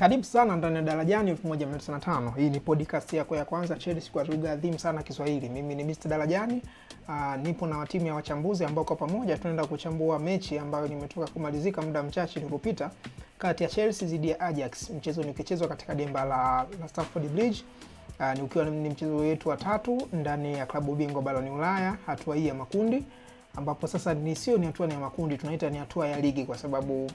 Karibu sana ndani ya Darajani 1905. Hii ni podcast yako ya kwanza Chelsea kwa lugha adhimu sana Kiswahili. Mimi ni Mr. Darajani. Uh, ah, nipo na timu ya wachambuzi ambao kwa pamoja tunaenda kuchambua mechi ambayo nimetoka kumalizika muda mchache uliopita kati ya Chelsea dhidi ya Ajax. Mchezo ni ukichezwa katika dimba la, la Stamford Bridge. Uh, ni ukiwa ni mchezo wetu wa tatu ndani ya klabu bingwa barani Ulaya hatua hii ya makundi ambapo sasa ni sio ni hatua ni ya makundi tunaita ni hatua ya ligi kwa sababu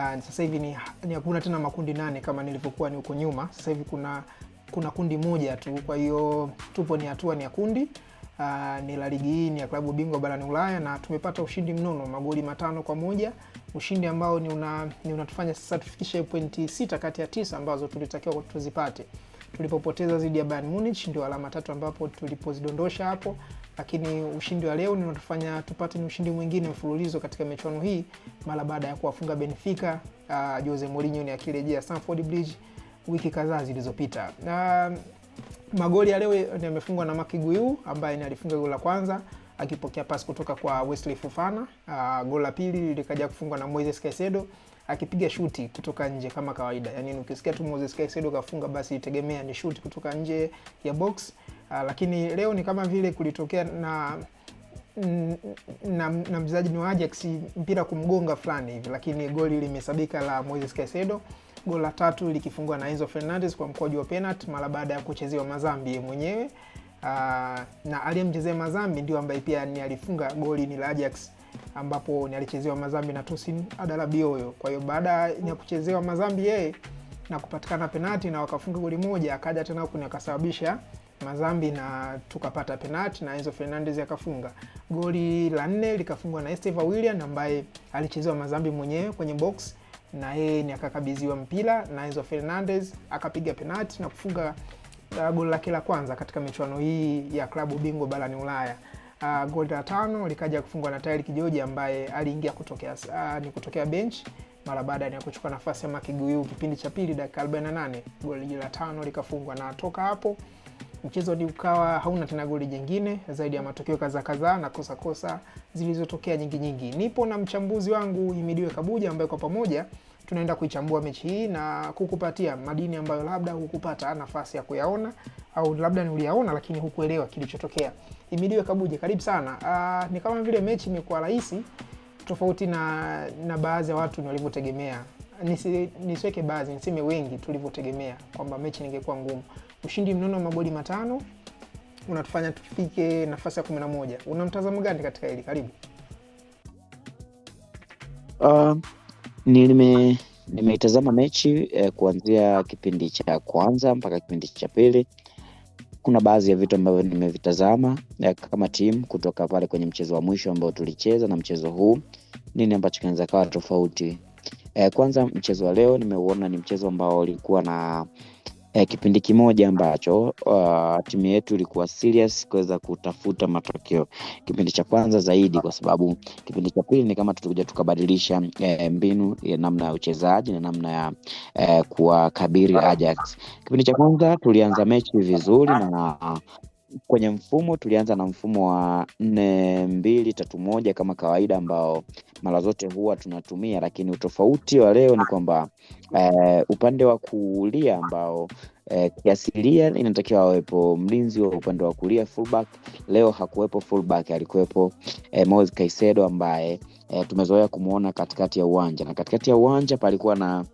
sasa hivi ni, ni hakuna tena makundi nane kama nilivyokuwa ni huko nyuma. Sasa hivi kuna kuna kundi moja tu, kwa hiyo tupo ni hatua ni ya kundi Uh, ni la ligi hii ni ya klabu bingwa barani Ulaya na tumepata ushindi mnono magoli matano kwa moja, ushindi ambao ni, una, ni unatufanya sasa tufikishe pointi sita kati ya tisa ambazo tulitakiwa tuzipate. Tulipopoteza dhidi ya Bayern Munich ndio alama tatu ambapo tulipozidondosha hapo lakini ushindi wa leo ninatufanya tupate ni ushindi mwingine mfululizo katika michuano hii mara baada ya kuwafunga Benfica uh, Jose Mourinho ni akirejea Stamford Bridge wiki kadhaa zilizopita. Uh, magoli ya leo yamefungwa na Maki Guiu ambaye ni alifunga goli la kwanza akipokea pasi kutoka kwa Wesley Fofana. Uh, goli la pili likaja kufungwa na Moises Caicedo akipiga shuti kutoka nje kama kawaida. Yaani ukisikia tu Moises Caicedo kafunga basi itegemea ni shuti kutoka nje ya box Ah, lakini leo ni kama vile kulitokea na na, na mchezaji wa Ajax mpira kumgonga fulani hivi, lakini goli limesabika la Moises Caicedo, goli la tatu likifungwa na Enzo Fernandez kwa mkwaju wa penalty mara baada ya kuchezewa Mazambi mwenyewe. Uh, na aliyemchezea Mazambi ndio ambaye pia ni alifunga goli ni la Ajax, ambapo ni alichezewa Mazambi na Tosin Adarabio huyo. Kwa hiyo baada ya kuchezewa Mazambi yeye na kupatikana penalti na wakafunga goli moja, akaja tena kuna akasababisha Mazambi na tukapata penati na Enzo Fernandez akafunga goli la nne, likafungwa na Esteva William ambaye alichezewa Mazambi mwenyewe kwenye box na yeye ni akakabidhiwa mpira na Enzo Fernandez akapiga penati na kufunga uh, goli lake la kwanza katika michuano hii ya klabu bingwa barani Ulaya. Uh, goli la tano likaja kufungwa na Tarik Kijoji ambaye aliingia kutokea uh, ni kutokea bench mara baada ya kuchukua nafasi ya Makiguyu kipindi cha pili dakika 48, goli la tano likafungwa na toka hapo mchezo ni ukawa hauna tena goli jingine zaidi ya matokeo kaza kadhaa na kosa kosa zilizotokea nyingi nyingi. Nipo na mchambuzi wangu Himidiwe Kabuja ambaye kwa pamoja tunaenda kuichambua mechi hii na kukupatia madini ambayo labda hukupata nafasi ya kuyaona au labda ni uliyaona lakini hukuelewa kilichotokea. Himidiwe Kabuja, karibu sana. Aa, ah, ni kama vile mechi imekuwa rahisi tofauti na, na baadhi ya watu walivyotegemea. Nisiweke baadhi, niseme wengi tulivyotegemea kwamba mechi ningekuwa ngumu. Ushindi mnono wa magoli matano unatufanya tufike nafasi ya moja. Una mtazamo gani katika hili? Karibu. Uh, nime nimeitazama mechi eh, kuanzia kipindi cha kwanza mpaka kipindi cha pili. Kuna baadhi ya vitu ambavyo nimevitazama eh, kama timu kutoka pale kwenye mchezo wa mwisho ambao tulicheza na mchezo huu, nini ambacho kinaweza kawa tofauti? Eh, kwanza mchezo wa leo nimeuona ni mchezo ambao ulikuwa na eh, kipindi kimoja ambacho uh, timu yetu ilikuwa serious kuweza kutafuta matokeo kipindi cha kwanza zaidi, kwa sababu kipindi cha pili ni kama tutakuja tukabadilisha eh, mbinu ya namna ya uchezaji na namna ya eh, kuwakabiri Ajax. Kipindi cha kwanza tulianza mechi vizuri na kwenye mfumo tulianza na mfumo wa nne mbili tatu moja kama kawaida, ambao mara zote huwa tunatumia, lakini utofauti wa leo ni kwamba eh, upande wa kulia ambao eh, kiasilia inatakiwa awepo mlinzi wa upande wa kulia fullback. Leo hakuwepo fullback, alikuwepo eh, Moiz kaisedo ambaye eh, tumezoea kumwona katikati ya uwanja, na katikati ya uwanja palikuwa na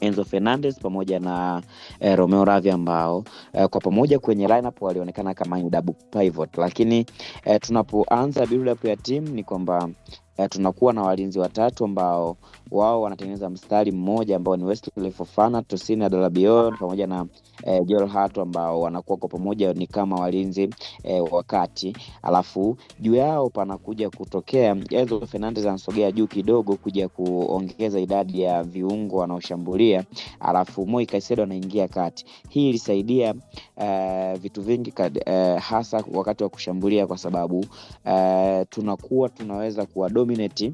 Enzo Fernandez pamoja na eh, Romeo ravi ambao eh, kwa pamoja kwenye lineup walionekana kama double pivot, lakini eh, tunapoanza build up ya timu ni kwamba eh, tunakuwa na walinzi watatu ambao wao wanatengeneza mstari mmoja ambao ni Wesley Fofana, Tosin Adarabion pamoja na eh, Joel Hart ambao wanakuwa kwa pamoja ni kama walinzi eh, wakati, alafu juu yao panakuja kutokea Enzo Fernandez anasogea juu kidogo kuja kuongeza idadi ya viungo wanaoshambulia, alafu Moi Kaisedo anaingia kati. Hii ilisaidia uh, vitu vingi kad, eh, hasa wakati wa kushambulia kwa sababu uh, tunakuwa tunaweza kuwa kudominate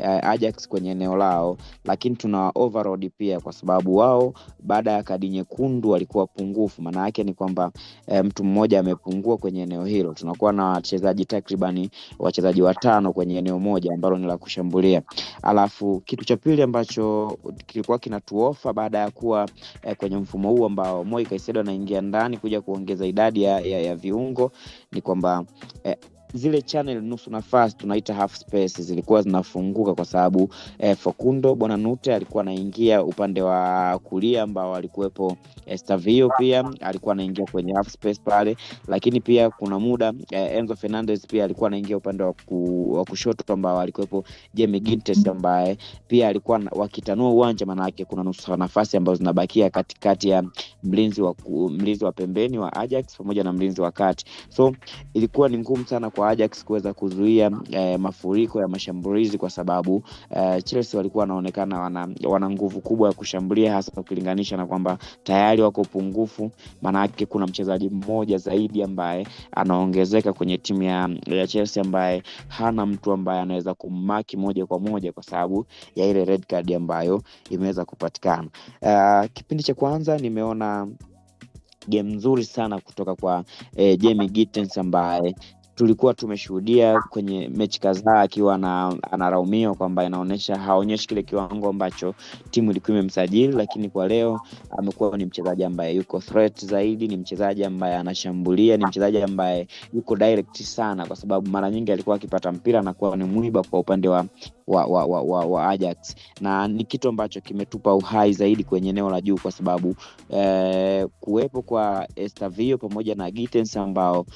uh, Ajax kwenye eneo lao, lakini tuna overload pia, kwa sababu wao baada ya kadi nyekundu walikuwa pungufu. Maana yake ni kwamba uh, mtu mmoja amepungua kwenye eneo hilo, tunakuwa na wachezaji takribani wachezaji watano kwenye eneo moja ambalo ni la kushambulia. Alafu kitu cha pili ambacho kilikuwa kinatuofa baada ya kuwa eh, kwenye mfumo huu ambao Moi Kaisedo anaingia ndani kuja kuongeza idadi ya, ya, ya viungo ni kwamba eh, zile channel nusu nafasi tunaita half space zilikuwa zinafunguka kwa sababu eh, Facundo bwana Nute alikuwa anaingia upande wa kulia ambao alikuwepo Estavio, pia alikuwa anaingia kwenye half space pale, lakini pia kuna muda eh, Enzo Fernandez pia alikuwa anaingia upande wa, ku, wa kushoto ambao alikuwepo Jamie Gintes ambaye pia alikuwa wakitanua uwanja, maanake kuna nusu nafasi ambazo zinabakia katikati ya mlinzi wa, mlinzi wa pembeni wa Ajax pamoja na mlinzi wa kati, so ilikuwa ni ngumu sana kwa kwa Ajax kuweza kuzuia eh, mafuriko ya mashambulizi kwa sababu eh, Chelsea walikuwa wanaonekana wana, wana nguvu kubwa ya kushambulia hasa ukilinganisha na kwamba tayari wako pungufu, maanake kuna mchezaji mmoja zaidi ambaye anaongezeka kwenye timu ya, ya Chelsea ambaye hana mtu ambaye anaweza kummaki moja kwa moja kwa sababu ya ile red card ambayo imeweza kupatikana. Uh, kipindi cha kwanza nimeona game nzuri sana kutoka kwa eh, Jamie Gittens ambaye tulikuwa tumeshuhudia kwenye mechi kadhaa akiwa anaraumiwa kwamba inaonyesha haonyeshi kile kiwango ambacho timu ilikuwa imemsajili, lakini kwa leo amekuwa ni mchezaji ambaye yuko threat zaidi, ni mchezaji ambaye anashambulia, ni mchezaji ambaye yuko direct sana, kwa sababu mara nyingi alikuwa akipata mpira anakuwa ni mwiba kwa upande wa wa, wa, wa, wa, wa Ajax na ni kitu ambacho kimetupa uhai zaidi kwenye eneo la juu kwa sababu eh, kuwepo kwa Estavio pamoja na Gittens ambao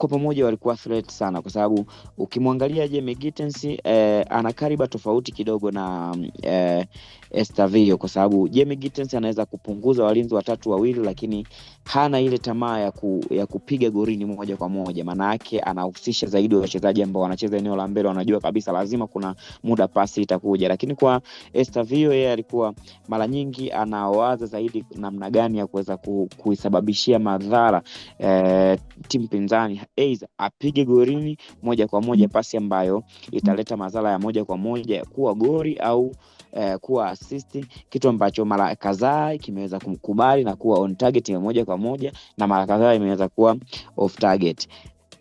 kwa pamoja walikuwa threat sana, kwa sababu ukimwangalia Jaime Gittens eh, ana kariba tofauti kidogo na eh, Estavio, kwa sababu Jamie Gittens anaweza kupunguza walinzi watatu wawili, lakini hana ile tamaa ya, ku, ya kupiga gorini moja kwa moja. Maana yake anahusisha zaidi wachezaji ambao wanacheza eneo la mbele, wanajua kabisa lazima kuna muda pasi itakuja. Lakini kwa Estavio, yeye alikuwa mara nyingi anawaza zaidi namna gani ya kuweza ku, kuisababishia madhara eh, timu pinzani, aidha apige gorini moja kwa moja pasi ambayo italeta madhara ya moja kwa moja kuwa gori au eh, kuwa assist, kitu ambacho mara kadhaa kimeweza kumkubali na kuwa on target ya moja kwa moja na mara kadhaa imeweza kuwa off target.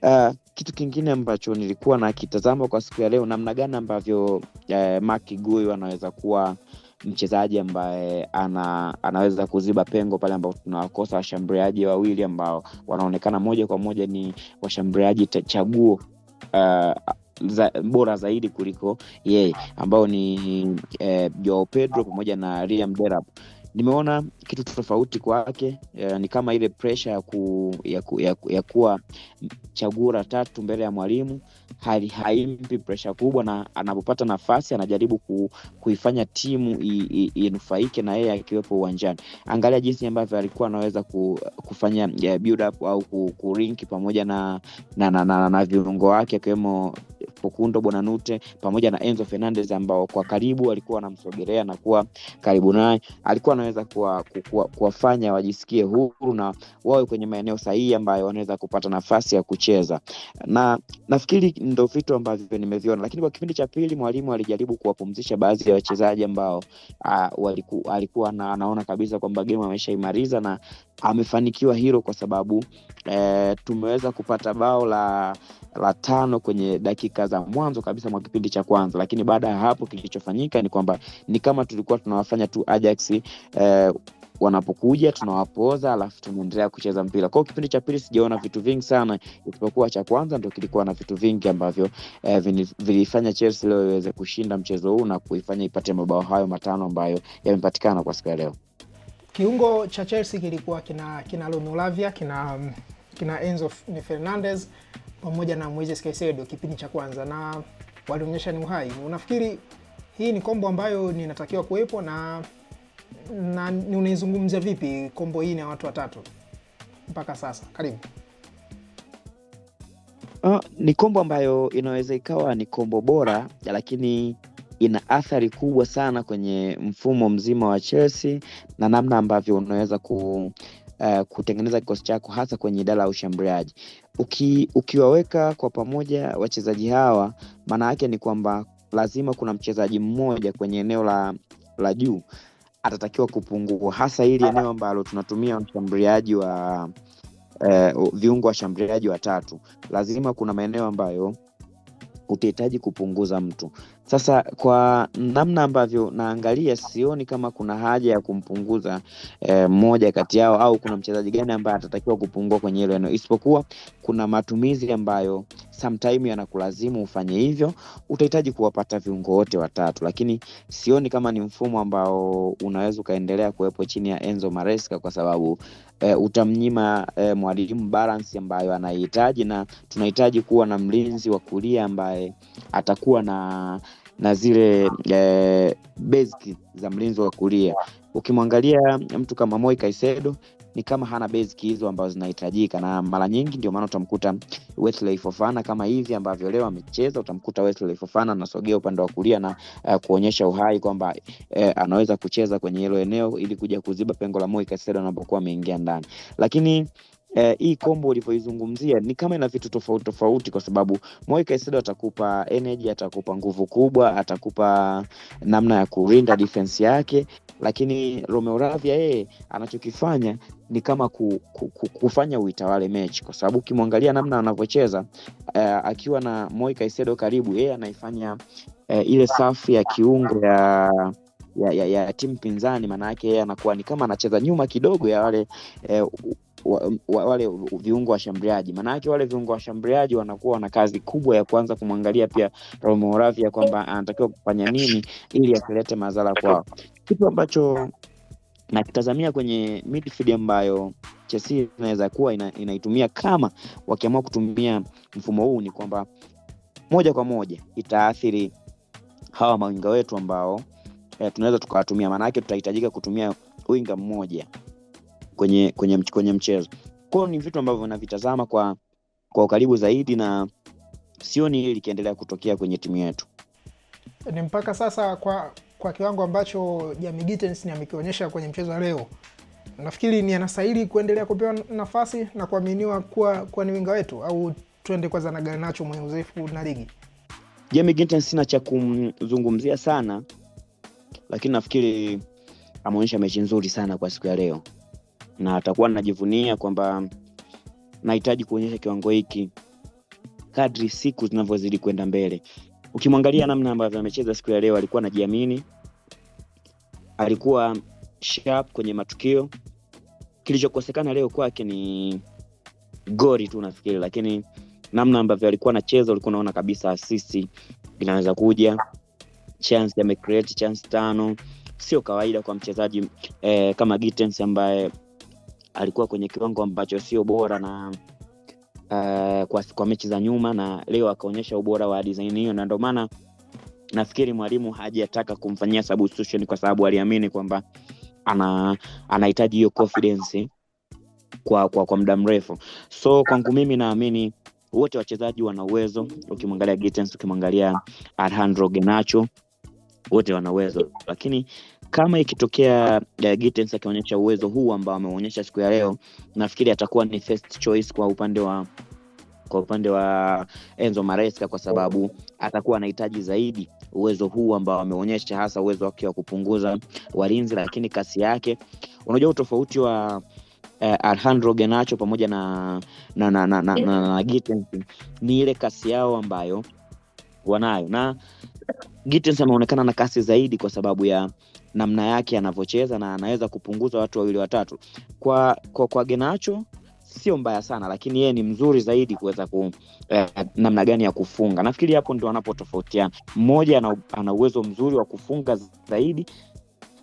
Uh, kitu kingine ambacho nilikuwa nakitazama kwa siku ya leo, namna gani ambavyo uh, Mark Gui anaweza kuwa mchezaji ambaye ana, anaweza kuziba pengo pale ambapo tunawakosa washambuliaji wawili ambao wanaonekana moja kwa moja ni washambuliaji chaguo uh, za, bora zaidi kuliko yeye ambao ni eh, Joao Pedro pamoja na Liam Delap nimeona kitu tofauti kwake. Ni kama ile presha ya, ku, ya, ku, ya, ku, ya kuwa chaguo la tatu mbele ya mwalimu hali haimpi presha kubwa, na anapopata nafasi anajaribu ku, kuifanya timu inufaike na yeye akiwepo uwanjani. Angalia jinsi ambavyo alikuwa anaweza ku, kufanya build up au ku, kurinki pamoja na, na, na, na, na na viungo wake akiwemo Facundo bwananute pamoja na Enzo Fernandez ambao kwa karibu alikuwa anamsogelea na kuwa karibu naye alikuwa wanaweza kuwafanya wajisikie huru na wawe kwenye maeneo sahihi ambayo wanaweza kupata nafasi ya kucheza, na nafikiri ndo vitu ambavyo nimeviona. Lakini kwa kipindi cha pili mwalimu alijaribu kuwapumzisha baadhi ya wachezaji ambao waliku, alikuwa na, anaona kabisa kwamba gemu ameshaimariza na amefanikiwa hilo kwa sababu e, tumeweza kupata bao la la tano kwenye dakika za mwanzo kabisa mwa kipindi cha kwanza, lakini baada ya hapo kilichofanyika ni kwamba ni kama tulikuwa tunawafanya tu Ajax eh, wanapokuja tunawapoza, alafu tunaendelea kucheza mpira kwao. Kipindi cha pili sijaona vitu vingi sana, isipokuwa cha kwanza ndo kilikuwa na vitu vingi ambavyo eh, vilifanya Chelsea leo iweze kushinda mchezo huu na kuifanya ipate mabao hayo matano ambayo yamepatikana kwa siku ya leo. Kiungo cha Chelsea kilikuwa kina kina Lavia, kina mm, kina Enzo Fernandez pamoja na Moises Caicedo kipindi cha kwanza, na walionyesha ni uhai. Unafikiri hii ni kombo ambayo ninatakiwa kuwepo na na unaizungumzia vipi kombo hii na watu watatu mpaka sasa? Karibu. Uh, ni kombo ambayo inaweza ikawa ni kombo bora, lakini ina athari kubwa sana kwenye mfumo mzima wa Chelsea na namna ambavyo unaweza ku uh, kutengeneza kikosi chako hasa kwenye idara ya ushambuliaji. Uki, ukiwaweka kwa pamoja wachezaji hawa, maana yake ni kwamba lazima kuna mchezaji mmoja kwenye eneo la, la juu atatakiwa kupungua, hasa hili eneo ambalo tunatumia washambuliaji wa eh, viungo washambuliaji watatu. Lazima kuna maeneo ambayo utahitaji kupunguza mtu sasa kwa namna ambavyo naangalia, sioni kama kuna haja ya kumpunguza eh, mmoja eh, kati yao au kuna mchezaji gani ambaye atatakiwa kupungua kwenye hilo eneo, isipokuwa kuna matumizi ambayo sometime yanakulazimu ufanye hivyo. Utahitaji kuwapata viungo wote watatu, lakini sioni kama ni mfumo ambao unaweza ukaendelea kuwepo chini ya Enzo Maresca kwa sababu E, utamnyima e, mwalimu balance ambayo anahitaji, na tunahitaji kuwa na mlinzi wa kulia ambaye atakuwa na na zile eh, za mlinzi wa kulia. Ukimwangalia mtu kama Moi Kaisedo ni kama hana basic hizo ambazo zinahitajika, na mara nyingi ndio maana utamkuta Wesley Fofana kama hivi ambavyo leo amecheza, utamkuta Wesley Fofana anasogea upande wa kulia na uh, kuonyesha uhai kwamba uh, anaweza kucheza kwenye hilo eneo ili kuja kuziba pengo la Moi Kaisedo anapokuwa ameingia ndani, lakini eh, hii kombo ulivyoizungumzia ni kama ina vitu tofauti tofauti, kwa sababu Moi Caicedo atakupa energy, atakupa nguvu kubwa, atakupa namna ya kulinda defense yake, lakini Romeo Lavia yeye anachokifanya ni kama ku, ku, ku, kufanya uitawale mechi, kwa sababu ukimwangalia namna anavyocheza eh, akiwa na Moi Caicedo karibu yeye anaifanya eh, ile safu ya kiungo ya ya, ya, ya timu pinzani, maana yake yeye anakuwa ni kama anacheza nyuma kidogo ya wale eh, wa, wale viungo washambuliaji, maanake wale viungo washambuliaji wanakuwa na kazi kubwa ya kuanza kumwangalia pia Romeo kwamba anatakiwa kufanya nini ili asilete madhara kwao, kitu ambacho nakitazamia kwenye midfield ambayo inaweza kuwa ina, inaitumia kama wakiamua kutumia mfumo huu, ni kwamba moja kwa moja itaathiri hawa mawinga wetu ambao eh, tunaweza tukawatumia, maanaake tutahitajika kutumia winga mmoja kwenye, kwenye, kwenye mchezo kwao. Ni vitu ambavyo navitazama kwa, kwa ukaribu zaidi na sioni hili likiendelea kutokea kwenye timu yetu. Ni mpaka sasa kwa kwa kiwango ambacho Jamie Gittens amekionyesha kwenye mchezo wa leo, nafikiri ni anastahili kuendelea kupewa nafasi na kuaminiwa kuwa kuwa ni winga wetu, au tuende kwanza na Garnacho mwenye uzoefu na ligi. jamii Gittens sina cha kumzungumzia sana, lakini nafikiri ameonyesha mechi nzuri sana kwa siku ya leo na atakuwa anajivunia kwamba nahitaji kuonyesha kiwango hiki kadri siku zinavyozidi kwenda mbele. Ukimwangalia namna ambavyo amecheza siku ya leo, alikuwa anajiamini, alikuwa sharp kwenye matukio. Kilichokosekana leo kwake ni gori tu nafikiri, lakini namna ambavyo alikuwa anacheza ulikuwa unaona kabisa asisi inaweza kuja, chance amecreate chance tano, sio kawaida kwa mchezaji eh, kama Gittens ambaye alikuwa kwenye kiwango ambacho sio bora na uh, kwa, kwa mechi za nyuma na leo akaonyesha ubora wa design hiyo, na ndio maana nafikiri mwalimu hajataka kumfanyia substitution kwa sababu aliamini kwamba ana anahitaji hiyo confidence kwa, kwa, kwa muda mrefu. So kwangu mimi naamini wote wachezaji wana uwezo, ukimwangalia ukimwangalia Alejandro genacho wote wana uwezo, lakini kama ikitokea uh, Gittens akionyesha uwezo huu ambao ameonyesha siku ya leo, nafikiri atakuwa ni first choice kwa upande wa kwa upande wa Enzo Maresca kwa sababu atakuwa anahitaji zaidi uwezo huu ambao ameonyesha, hasa uwezo wake wa kupunguza walinzi, lakini kasi yake. Unajua utofauti wa eh, Alejandro Garnacho pamoja na na, na, na, na, na, na Gittens ni ile kasi yao ambayo wanayo na Gittens ameonekana na kasi zaidi kwa sababu ya namna yake anavyocheza na anaweza kupunguza watu wawili watatu. Kwa, kwa, kwa genacho sio mbaya sana, lakini yeye ni mzuri zaidi kuweza ku eh, namna gani ya kufunga. Nafikiri hapo ndio anapotofautiana mmoja ana uwezo mzuri wa kufunga zaidi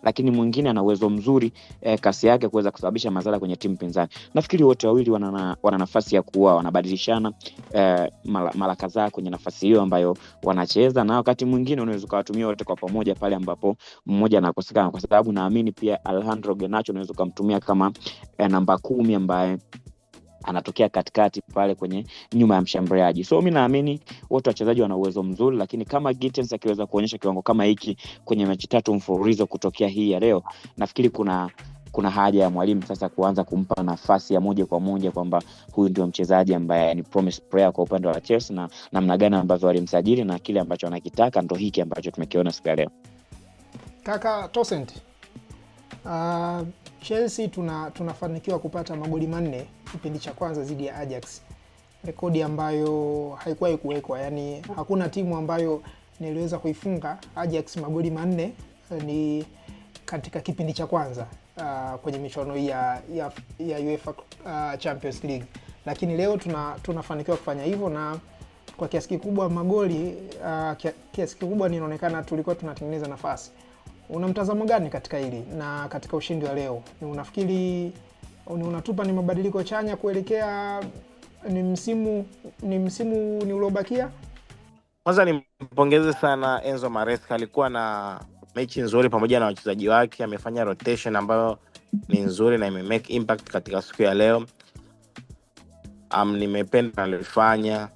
lakini mwingine ana uwezo mzuri eh, kasi yake kuweza kusababisha madhara kwenye timu pinzani. Nafikiri wote wawili wana, wana nafasi ya kuwa wanabadilishana eh, mara, kadhaa kwenye nafasi hiyo ambayo wanacheza, na wakati mwingine unaweza ukawatumia wote kwa pamoja pale ambapo mmoja anakosekana, kwa sababu naamini pia Alejandro Garnacho unaweza ukamtumia kama eh, namba kumi ambaye anatokea katikati pale kwenye nyuma ya mshambuliaji. So mi naamini wote wachezaji wana uwezo mzuri, lakini kama Gittens akiweza kuonyesha kiwango kama hiki kwenye mechi tatu mfululizo kutokea hii ya leo, nafikiri kuna kuna haja ya mwalimu sasa kuanza kumpa nafasi ya moja kwa moja kwamba huyu ndio mchezaji ambaye ni promise player kwa upande wa Chelsea na namna gani ambavyo walimsajili na kile ambacho anakitaka ndo hiki ambacho tumekiona siku ya leo. Kaka Tosent, uh, Chelsea tuna tunafanikiwa kupata magoli manne kipindi cha kwanza dhidi ya Ajax, rekodi ambayo haikuwahi kuwekwa, yani hakuna timu ambayo niliweza kuifunga Ajax magoli manne eh, ni katika kipindi cha kwanza uh, kwenye michuano hii ya, ya, ya UEFA uh, Champions League, lakini leo tuna tunafanikiwa kufanya hivyo na kwa kiasi kikubwa magoli uh, kiasi kikubwa ninaonekana tulikuwa tunatengeneza nafasi. Una mtazamo gani katika hili na katika ushindi wa leo? Unafikiri unatupa ni mabadiliko chanya kuelekea ni msimu ni msimu ni uliobakia? Kwanza nimpongeze sana Enzo Maresca, alikuwa na mechi nzuri pamoja na wachezaji wake, amefanya rotation ambayo ni nzuri na imemake impact katika siku ya leo. Um, nimependa alifanya.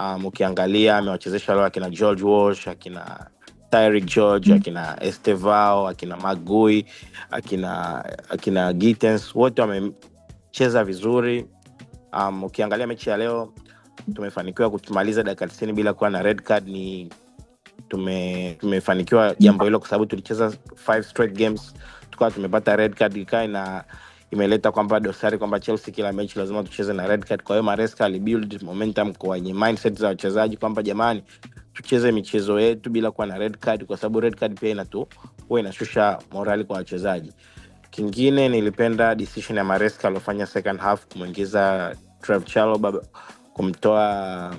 Um, ukiangalia amewachezesha leo akina George Walsh akina Tyrick George, mm. akina Estevao, akina Magui, akina akina gitens wote wamecheza vizuri. Um, ukiangalia mechi ya leo tumefanikiwa kutumaliza dakika tisini bila kuwa na red card ni tume, tumefanikiwa jambo hilo kwa sababu tulicheza five straight games tukawa tumepata red card ikae na imeleta kwamba dosari kwamba Chelsea kila mechi lazima tucheze na red card. Kwa hiyo Maresca alibuild momentum kwenye mindset za wachezaji kwamba jamani, tucheze michezo yetu bila kuwa na red card, kwa sababu red card pia inatu huwa inashusha morali kwa wachezaji. Kingine nilipenda decision ya Maresca aliofanya second half kumwingiza Trev Chalobah kumtoa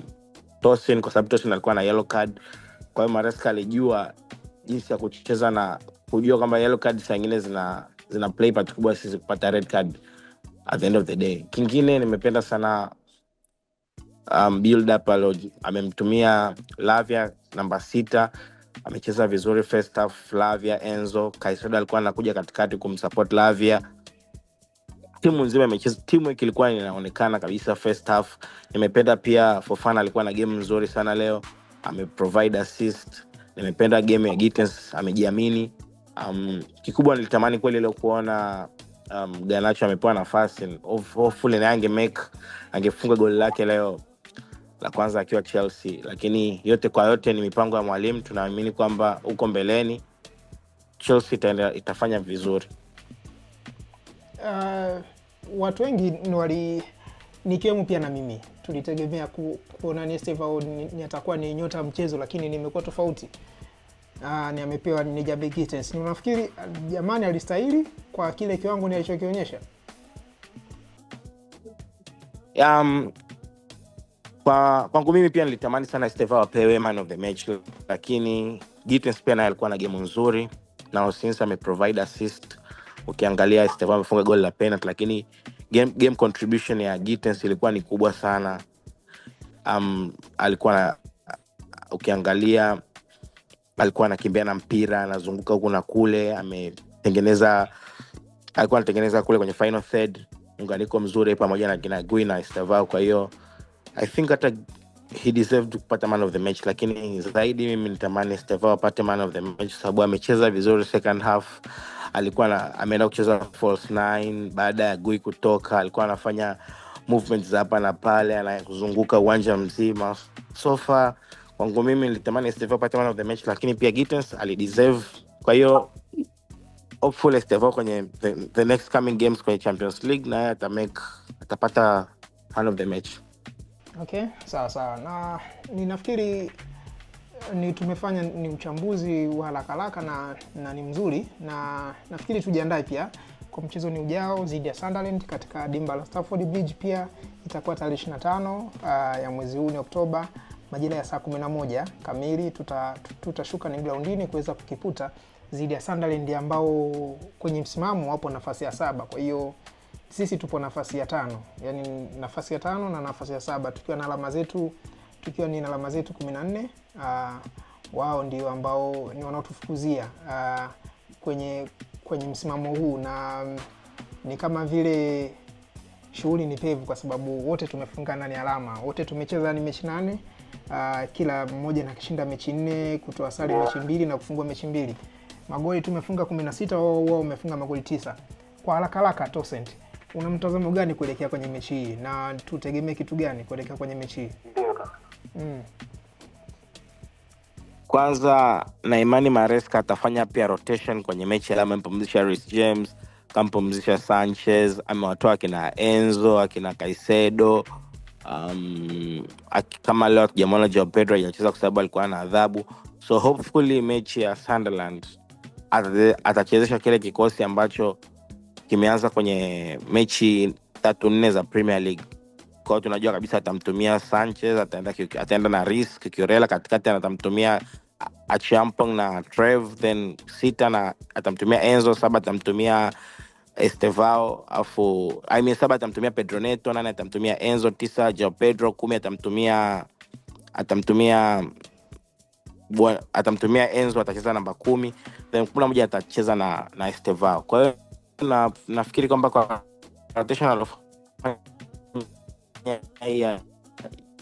Tosin kwa sababu Tosin alikuwa na yellow card. Kwa hiyo Maresca alijua jinsi ya kucheza na kujua kwamba yellow card saa ingine zina zina play part kubwa sisi kupata red card at the end of the day. Kingine nimependa sana um, build up alo amemtumia Lavia namba sita, amecheza vizuri first half. Lavia, Enzo, Kaisoda alikuwa anakuja katikati kumsupport Lavia timu nzima imecheza, timu hiki ilikuwa inaonekana kabisa first half. Nimependa pia Fofana alikuwa na game nzuri sana leo, ameprovide assist. Nimependa game ya Gittens, amejiamini um, kikubwa nilitamani kweli leo kuona um, Ganacho amepewa nafasi, hofuli naye angemake angefunga goli lake leo la kwanza akiwa Chelsea, lakini yote kwa yote ni mipango ya mwalimu. Tunaamini kwamba huko mbeleni Chelsea itaenda, itafanya vizuri. Uh, watu wengi wali nikiwemo pia na mimi tulitegemea kuona Steve Aoun ni atakuwa ni nyota mchezo, lakini nimekuwa tofauti. Ah, ni amepewa ni Jabe Gittens. Ni unafikiri ah, jamani alistahili kwa kile kiwango ni alichokionyesha? Um, kwa kwangu mimi pia nilitamani sana Estevao apewe man of the match, lakini Gittens pia naye alikuwa na game nzuri na Hossins ameprovide assist. Ukiangalia Estevao amefunga goli la penalty, lakini game, game contribution ya Gittens ilikuwa ni kubwa sana. Um, alikuwa na, ukiangalia alikuwa anakimbia na mpira anazunguka huku na kule ametengeneza alikuwa anatengeneza kule kwenye final third unganiko mzuri pamoja na kina gui na stavao kwa hiyo i think hata he deserved kupata man of the match lakini zaidi mimi nitamani stavao apate man of the match sababu amecheza vizuri second half alikuwa na, ameenda kucheza false nine baada ya gui kutoka alikuwa anafanya movement za hapa na pale anakuzunguka uwanja mzima sofa kwangu mimi nilitamani Estevao apate man of the match, lakini pia Gittens alideserve. Kwa hiyo hopefully Estevao kwenye the, the next coming games kwenye Champions League naye atamake atapata man of the match. Okay, sawa sawa, na ninafikiri ni tumefanya ni uchambuzi wa haraka haraka na, na ni mzuri na nafikiri tujiandae pia kwa mchezo ni ujao dhidi ya Sunderland katika dimba la Stamford Bridge, pia itakuwa tarehe 25 uh, ya mwezi huu ni Oktoba majira ya saa 11 kamili tutashuka tuta ni groundini kuweza kukiputa dhidi ya Sunderland ambao kwenye msimamo wapo nafasi ya saba. Kwa hiyo sisi tupo nafasi ya tano, yani nafasi ya tano na nafasi ya saba tukiwa na alama zetu tukiwa ni na alama zetu 14. Uh, ah, wao ndio ambao ni wanaotufukuzia uh, kwenye kwenye msimamo huu na mm, ni kama vile shughuli ni pevu kwa sababu wote tumefunga nane alama, wote tumecheza ni mechi nane uh, kila mmoja nakishinda mechi nne, kutoa sare mechi mbili na kufungua mechi mbili. Magoli tumefunga 16 wao wao wamefunga magoli tisa. Kwa haraka haraka, Tosent, una mtazamo gani kuelekea kwenye mechi hii na tutegemee kitu gani kuelekea kwenye mechi hii? Mm. Kwanza na imani Maresca atafanya pia rotation kwenye mechi ya amempumzisha Rhys James, kampumzisha Sanchez, amewatoa akina Enzo akina Caicedo um, kama leo akijamwona Joao Pedro hajacheza kwa sababu alikuwa na adhabu, so hopefully mechi ya Sunderland atachezesha kile kikosi ambacho kimeanza kwenye mechi tatu nne za Premier League. Kwao tunajua kabisa atamtumia Sanchez, ataenda, ataenda na Reece Cucurella katikati, atamtumia Achampong na Trev, then sita na atamtumia Enzo, saba atamtumia Estevao, afu I mean, saba atamtumia Pedro Neto, nane atamtumia Enzo, tisa Jao Pedro, kumi atamtumia atamtumia bua, atamtumia Enzo atacheza namba kumi, then kumi na moja atacheza na, na Estevao. Kwa hiyo na, nafikiri kwamba kwa rotation alofanya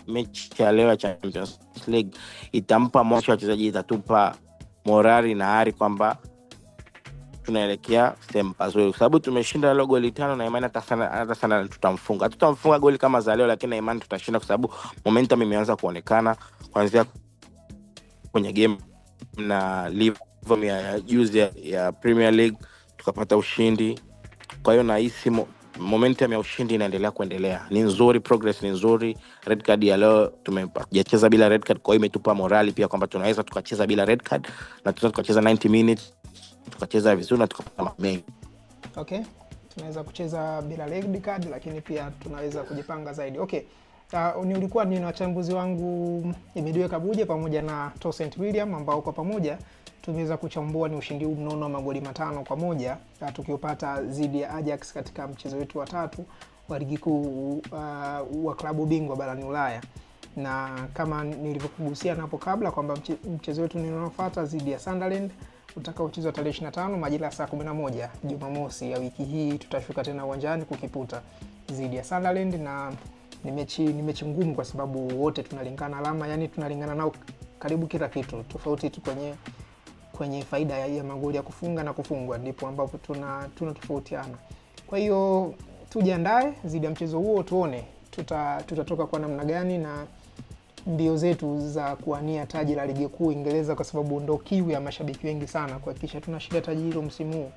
mechi ya leo ya Champions League itampa motisha wachezaji, itatupa morali na ari kwamba tunaelekea sehemu pazuri, kwa sababu tumeshinda leo goli tano na imani hata sana, tutamfunga tutamfunga. goli kama za leo, lakini na imani tutashinda, kwa sababu momentum imeanza kuonekana kuanzia kwenye game na livom ya juzi ya, ya Premier League tukapata ushindi. Kwa hiyo nahisi mo, momentum ya ushindi inaendelea kuendelea, ni nzuri, progress ni nzuri. Red card ya leo tumejacheza bila red card, kwa hiyo imetupa morali pia kwamba tunaweza tukacheza bila red card na tunaweza tukacheza 90 minutes tukacheza vizuri na tukapata mengi. Okay, tunaweza kucheza bila red card, lakini pia tunaweza kujipanga zaidi. Okay. Uh, ni ulikuwa ni wachambuzi wangu Imidiwe Kabuje pamoja na Tosent William ambao kwa pamoja tumeweza kuchambua ni ushindi huu mnono wa magoli matano kwa moja uh, tukiupata dhidi ya Ajax katika mchezo wetu wa tatu wa ligi kuu uh, wa klabu bingwa barani Ulaya, na kama nilivyokugusia napo kabla kwamba mchezo wetu ninaofuata dhidi ya Sunderland utakaochezwa tarehe 25 majira ya saa 11 Jumamosi ya wiki hii. Tutashuka tena uwanjani kukiputa dhidi ya Sunderland, na ni mechi ni mechi ngumu kwa sababu wote tunalingana alama, yani tunalingana nao karibu kila kitu, tofauti tu kwenye kwenye faida ya, ya magoli ya kufunga na kufungwa, ndipo ambapo tuna tunatofautiana. Kwa hiyo tujiandae dhidi ya mchezo huo, tuone tutatoka tuta kwa namna gani na mbio zetu za kuwania taji la ligi kuu Uingereza, kwa sababu ndo kiu ya mashabiki wengi sana kuhakikisha tunashinda taji hilo msimu huu.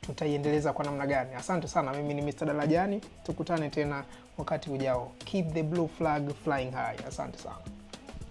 Tutaiendeleza kwa namna gani? Asante sana, mimi ni Mr. Darajani, tukutane tena wakati ujao. Keep the blue flag flying high. Asante sana.